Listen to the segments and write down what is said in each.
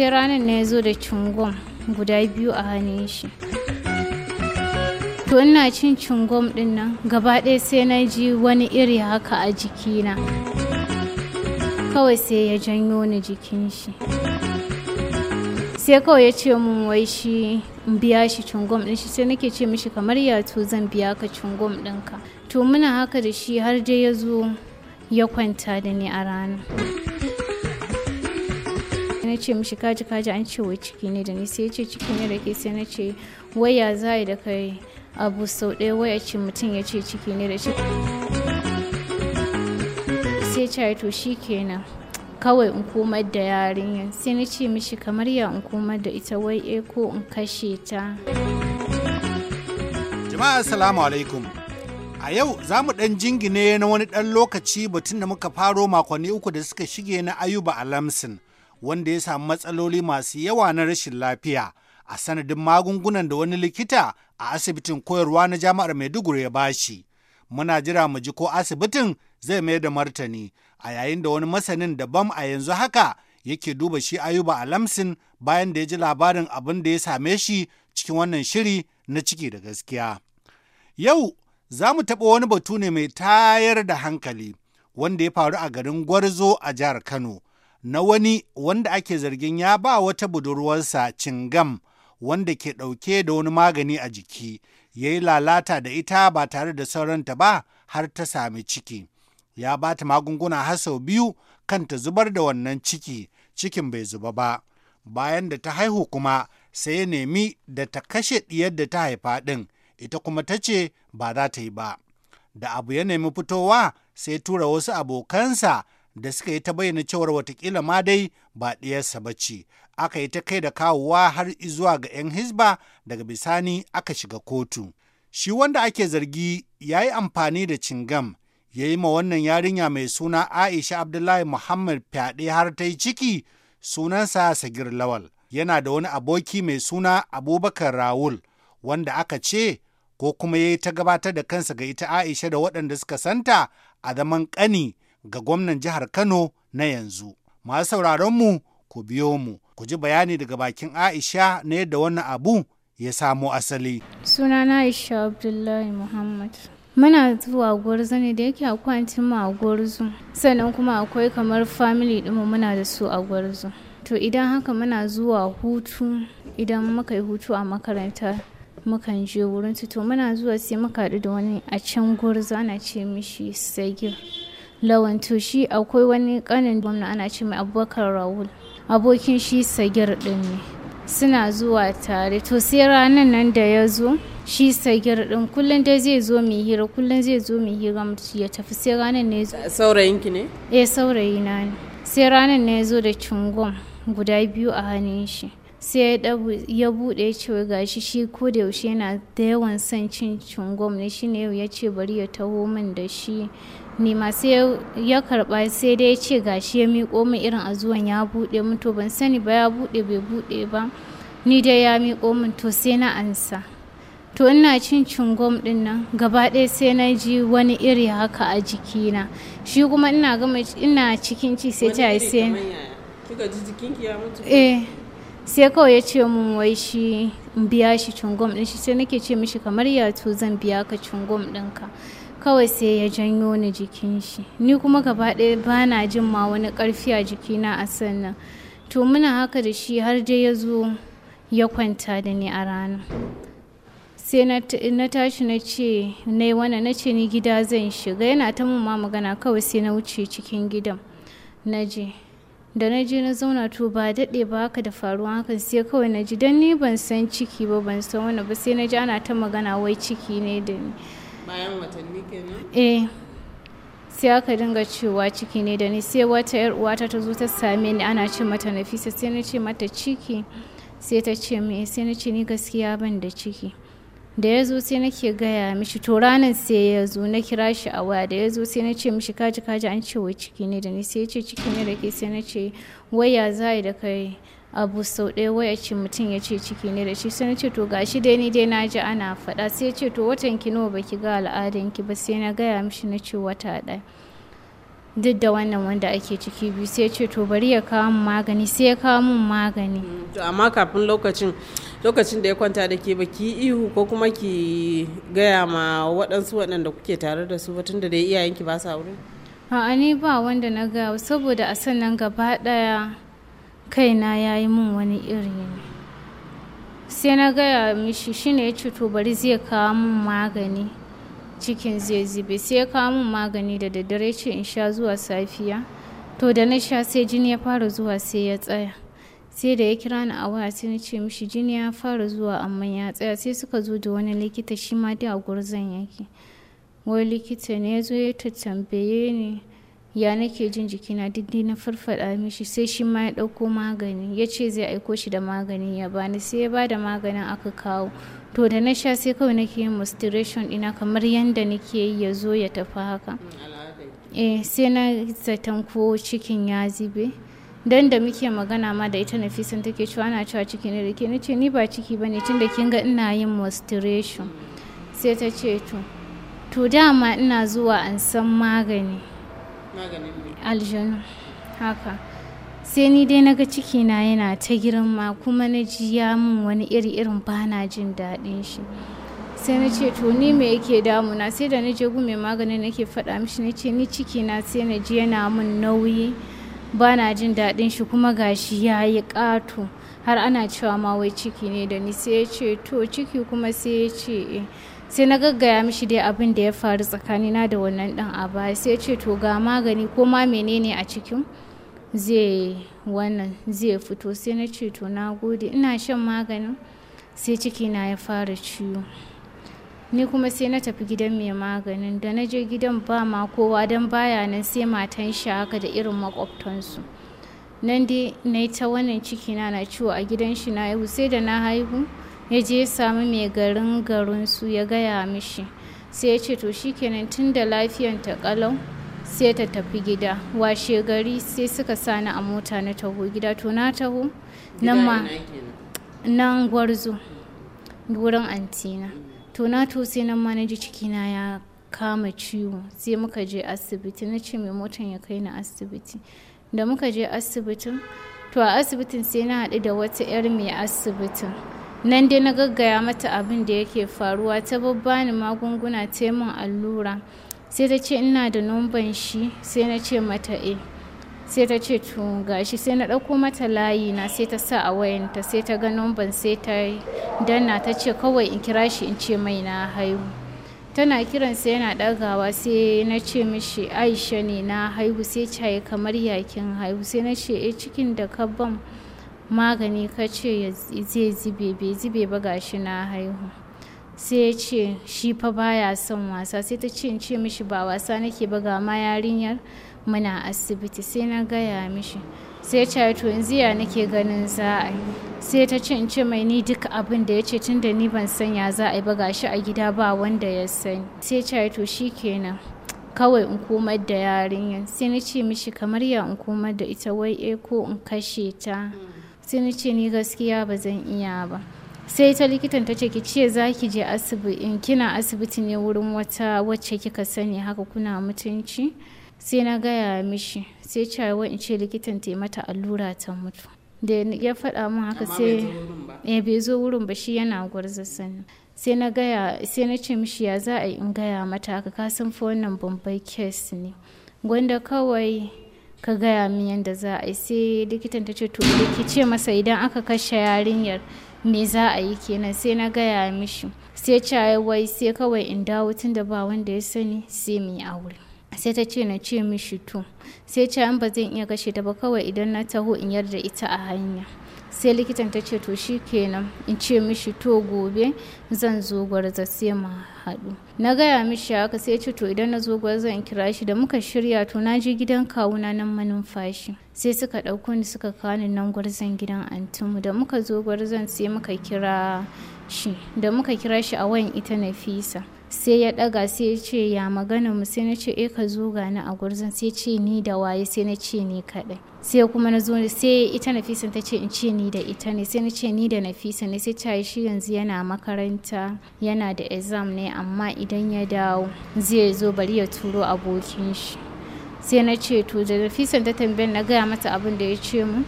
sai ranar na ya zo da cingom guda biyu a hannun shi to ina cin cingom din nan gaba ɗaya sai na ji wani iri haka a jikina kawai sai ya janyo ni jikin shi sai kawai ya ce mun wai shi in biya shi cingom din shi sai nake ce mishi kamar yato zan biya ka cingom ɗinka to muna haka da shi har dai ya zo ya kwanta da ni a rana ce mishi kaji kaji an ce wai ciki ne da ni sai ce ciki ne da ke sai na ce waya za da kai abu sau ɗaya waya ce mutum ya ce ciki ne da shi sai ce to shi kenan kawai in komar da yarinyar sai na ce mishi kamar ya in komar da ita wai e ko in kashe ta jama'a assalamu alaikum a yau za mu ɗan jingine na wani ɗan lokaci batun da muka faro makonni uku da suka shige na ayuba a lamsin wanda ya samu matsaloli masu yawa na rashin lafiya a sanadin magungunan da wani likita a asibitin koyarwa na jami'ar Maiduguri ya bashi. Muna jira mu ji ko asibitin zai mai da martani a yayin da wani masanin daban a yanzu haka yake duba shi Ayuba a Lamsin bayan da ya ji labarin abin da ya same shi cikin wannan shiri na ciki da gaskiya. Yau za mu taɓa wani batu ne mai tayar da hankali wanda ya faru a garin Gwarzo a jihar Kano. na wani wanda ake zargin ya ba wata budurwarsa cingam wanda ke ɗauke da wani magani a jiki ya yi lalata da ita ba tare da sauranta ba har ta sami ciki ya ba ta magunguna har sau biyu kan ta zubar da wannan ciki cikin bai zuba ba bayan da ta haihu kuma sai ya nemi da ta kashe ɗiyar da ta haifa ɗin ita kuma ta ce ba za ta yi ba da abu ya nemi fitowa sai tura wasu abokansa da suka yi ta bayyana cewar watakila ma dai ba ɗiyarsa ba ce aka yi ta kai da kawowa har zuwa ga 'yan hisba daga bisani aka shiga kotu shi wanda ake zargi ya yi amfani da cingam ya yi ma wannan yarinya mai suna aisha abdullahi muhammad fyaɗe har ta yi ciki sunansa sagir lawal yana da wani aboki mai suna abubakar rawul wanda aka ce ko kuma ya yi ta gabatar da kansa ga ita aisha da waɗanda suka santa a zaman ƙani ga gwamnan jihar Kano na yanzu. Masu sauraron mu ku biyo mu, ku ji bayani daga bakin Aisha na yadda wannan abu ya samo asali. Sunana Aisha Abdullahi Muhammad. muna zuwa gwarzo ne da yake akwantin mu a gwarzo sannan kuma akwai kamar family ɗinmu muna da su a gwarzo to idan haka muna zuwa hutu idan muka yi hutu a makaranta mukan je wurin to muna zuwa sai muka haɗu da wani a can gwarzo ana ce mishi sagir lawan shi akwai wani kanin gwamna ana ce mai abubakar rawul abokin shi sagir din ne suna zuwa tare to sai ranar nan da ya zo shi sagir din kullum dai zai zo mai hira kullum zai zo mai hira ya tafi sai ranar ne ki ne eh saurayi na ne sai ranar ne ya zo da cingom guda biyu a hannun shi sai ya buɗe ya ce gashi shi ko da yaushe yana da yawan son cin cungom ne shi ne ya ce bari ya taho min da shi ne masu ya karba sai dai ya ce gashi ya miƙo min irin a zuwan ya buɗe min to ban sani ba ya buɗe bai buɗe ba ni dai ya miƙo min to sai na ansa to ina cin cungom din nan gaba ɗaya sai na ji wani iri haka a jikina shi kuma ina gama cikin ci sai ta sai eh sai kawai ya ce mun wai shi biya shi cungom din shi sai nake ce mishi kamar ya tu zan biya ka cungom ɗinka kawai sai ya janyo ni jikin shi ni kuma gaba ɗaya ba na jin ma wani ƙarfi a jikina a sannan to muna haka da shi har dai ya zo ya kwanta da ni a rana sai na tashi na ce na yi wani na ce ni gida zan shiga yana ta mun ma magana kawai sai na wuce cikin gidan na je da na je na zauna to ba daɗe ba haka da faruwa hakan sai kawai na ji don ni ban san ciki ba ban san wani ba sai na ji ana ta magana wai ciki ne da ni bayan watanni kenan eh sai aka dinga cewa ciki ne da ni sai wata yar uwata ta zo ta same ni ana ce mata nafisa sai na ce mata ciki sai ta ce me sai na ce ni gaskiya ban da ciki da ya zo sai nake gaya mishi to ranar sai ya zo na kira shi a waya da ya zo sai na ce mishi kaji kaji an ce wai ciki ne da ni sai ya ce ciki ne da ke sai na ce waya za da kai abu sau ɗaya waya ce mutum ya ce ciki ne da shi sai na ce to gashi dai ni dai na ji ana faɗa sai ya ce to watan ki nawa baki ga al'adanki ba sai na gaya mishi na ce wata ɗaya duk da wannan wanda ake ciki biyu sai ce to bari ya kawo mu magani sai ya kawo mu magani mm, to amma kafin lokacin lokacin da ya kwanta da ke baki ihu ko kuma ki gaya ma waɗansu waɗanda kuke tare da su batun da dai iyayenki ba sa wurin a'a ni ba wanda na gaya saboda a sannan gaba ɗaya kaina ya yi min wani iri ne sai na gaya mishi shine ya ce to bari zai kawo mun magani cikin zai zube sai ya kawo min magani da daddare ce in sha zuwa safiya to da na sha sai jini ya fara zuwa sai ya tsaya sai da ya kira ni a waya sai na ce mishi jini ya fara zuwa amma ya tsaya sai suka zo da wani likita shi ma dai a gurzan yake wani likita ne ya zo ya tattambaye ni ya nake jin jiki na duk na farfada mishi sai shi ma ya ɗauko magani ya ce zai aiko shi da magani ya bani sai ya ba da maganin aka kawo to da na sha sai kawai nake yin masturation ina kamar yadda nake ya zo ya tafi haka mm, eh sai na zaton ko cikin ya zube dan da muke magana ma da ita nafisan take cewa ana cewa ciki ne da ke ce ni ba ciki bane tun da kin ga ina yin masturation sai ta ce to to dama ina zuwa an san magani aljanu haka sai ni dai na ga na yana ta girma kuma na ji ya min wani iri irin bana jin daɗin shi sai na ce to ni me yake damuna sai da na je gume maganin nake faɗa mishi na ce ni na sai na ji yana min nauyi bana jin daɗin shi kuma gashi ya yi ƙato har ana cewa ma wai ciki ne da ni sai ya ce to ciki kuma sai ya ce eh. sai na gaggaya mishi dai abin da ya faru tsakanina da wannan ɗan a baya sai ya ce to ga magani ko ma menene a cikin zai wannan zai fito sai na ce to na gode ina shan maganin sai ciki na ya fara ciwo ni kuma sai na tafi gidan mai maganin da na je gidan ba ma kowa don baya nan sai matan shi haka da irin makwabtansu nan dai na yi ta wannan ciki na na ciwo a gidan shi na haihu sai da na haihu ya je ya samu mai garin garinsu ya gaya mishi sai ya ce to shikenan tun da lafiyan ta kalau sai ta tafi gida washe gari sai suka sa ni a mota na taho gida to na taho nan ma nan gwarzo wurin antina to na to sai nan ma na ji cikina ya kama ciwo sai muka je asibiti na ce mai motan ya kai na asibiti da muka je asibitin to a asibitin sai na haɗu da wata 'yar mai asibitin nan dai na gaggaya mata abin da yake faruwa ta babbani magunguna ta allura sai ta ce ina da numban shi sai na ce mata e sai ta ce tunga gashi sai na ɗauko mata layi na sai ta sa a wayanta sai ta ga numban sai ta danna ta ce kawai in kira shi in ce mai na haihu tana kiran sai yana ɗagawa sai na ce mishi aisha ne na haihu sai caye kamar yakin haihu sai na ce e cikin da ka ban magani ka ce zai zube bai zube ba gashi na haihu sai ya ce shi fa baya son wasa sai ta ce ce mishi ba wasa nake ba ga ma yarinyar muna asibiti sai na gaya mishi sai ce to in ziya nake ganin za a yi sai ta ce ce mai ni duk abin da ya ce tun da ni ban san ya za a yi ba gashi a gida ba wanda ya sani sai ce to kenan kawai in komar da yarinyar sai na ce mishi kamar ya in komar da ita wai eh ko in kashe ta mm. sai na ce ni gaskiya ba zan iya ba sai ta likitan ta ce ki ce za ki je asibiti kina asibiti ne wurin wata wacce kika sani haka kuna mutunci sai na gaya mishi sai cewa in ce likitan ta yi mata allura ta mutu da ya faɗa min haka sai ya eh, bai zo wurin ba shi yana gwarza sani sai na gaya sai na ce mishi ya za a yi in gaya mata haka ka san fa wannan bombay case ne gwanda kawai ka gaya min yadda za a yi sai likitan ta ce to ki ce masa idan aka kashe yarinyar ne za a yi kenan sai na gaya mishi sai caye wai sai kawai in dawo tun da ba wanda ya sani sai mu yi aure sai ta ce na ce mishi to sai ce an ba zan iya kashe ta ba kawai idan na taho in yarda ita a hanya sai likitan ta ce to shi kenan in ce mishi to gobe zan zo gwarza sai mu haɗu na gaya mishi haka sai ce to idan na zo gwarza in kira shi da muka shirya to na je gidan kawuna nan manumfashi sai suka ɗauko ni suka kawo ni nan gwarzan gidan antinmu da muka zo gwarzan sai muka kira shi da muka kira shi a wayan ita nafisa sai ya daga sai ya ce ya magana mu sai na ce eh ka zo gani a gurzon sai ce ni da waye sai na ce ni kadai sai kuma na zo sai ita nafisa ta ce in ce ni da ita ne sai na ce ni da nafisa ne sai ta shi yanzu yana makaranta yana da exam ne amma idan ya dawo zai zo bari ya turo abokin shi sai na ce to da nafisa ta tambayar na gaya mata abin da ya ce mu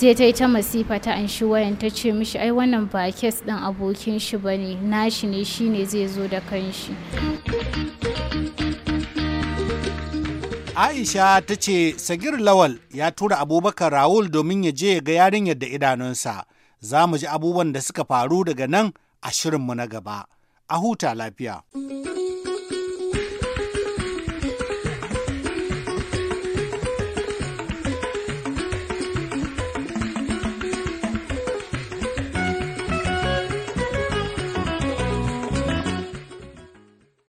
sai ta yi ta masifa ta anshi shi wayan ta ce mishi ai wannan ba kes ɗin abokin shi ba ne nashi ne shi ne zai zo da kanshi aisha ta ce sagir lawal ya tura abubakar rawul domin ya je ya ga yarinyar da idanunsa za mu ji abubuwan da suka faru daga nan a shirinmu na gaba a huta lafiya.